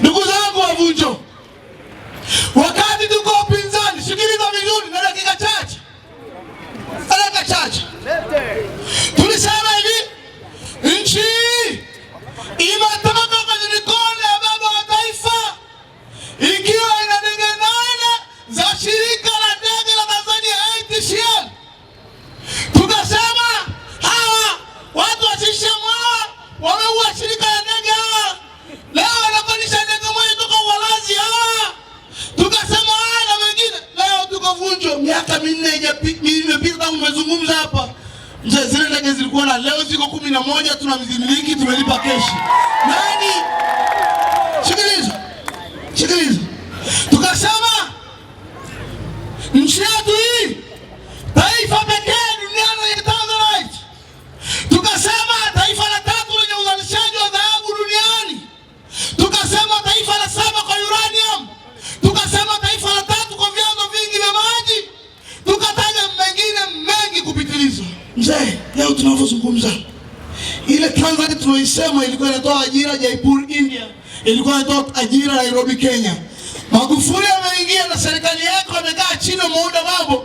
Ndugu zangu wavunjo, wakati tuko upinzani, sikiliza vizuri na dakika chache, dakika chache, tulisema hivi nchi ima miaka minne imepita umezungumza hapa mzee, zile ndege zilikuwa na leo ziko kumi na moja, tunamzimiliki tumelipa keshi. Nani? Sikiliza, sikiliza, tukasema nchi yetu Mzee, leo tunavyozungumza, ile Transact tuloisema ilikuwa inatoa ajira Jaipur India, ilikuwa inatoa ajira Nairobi Kenya. Magufuli ameingia na serikali yako amekaa chini, muuda mambo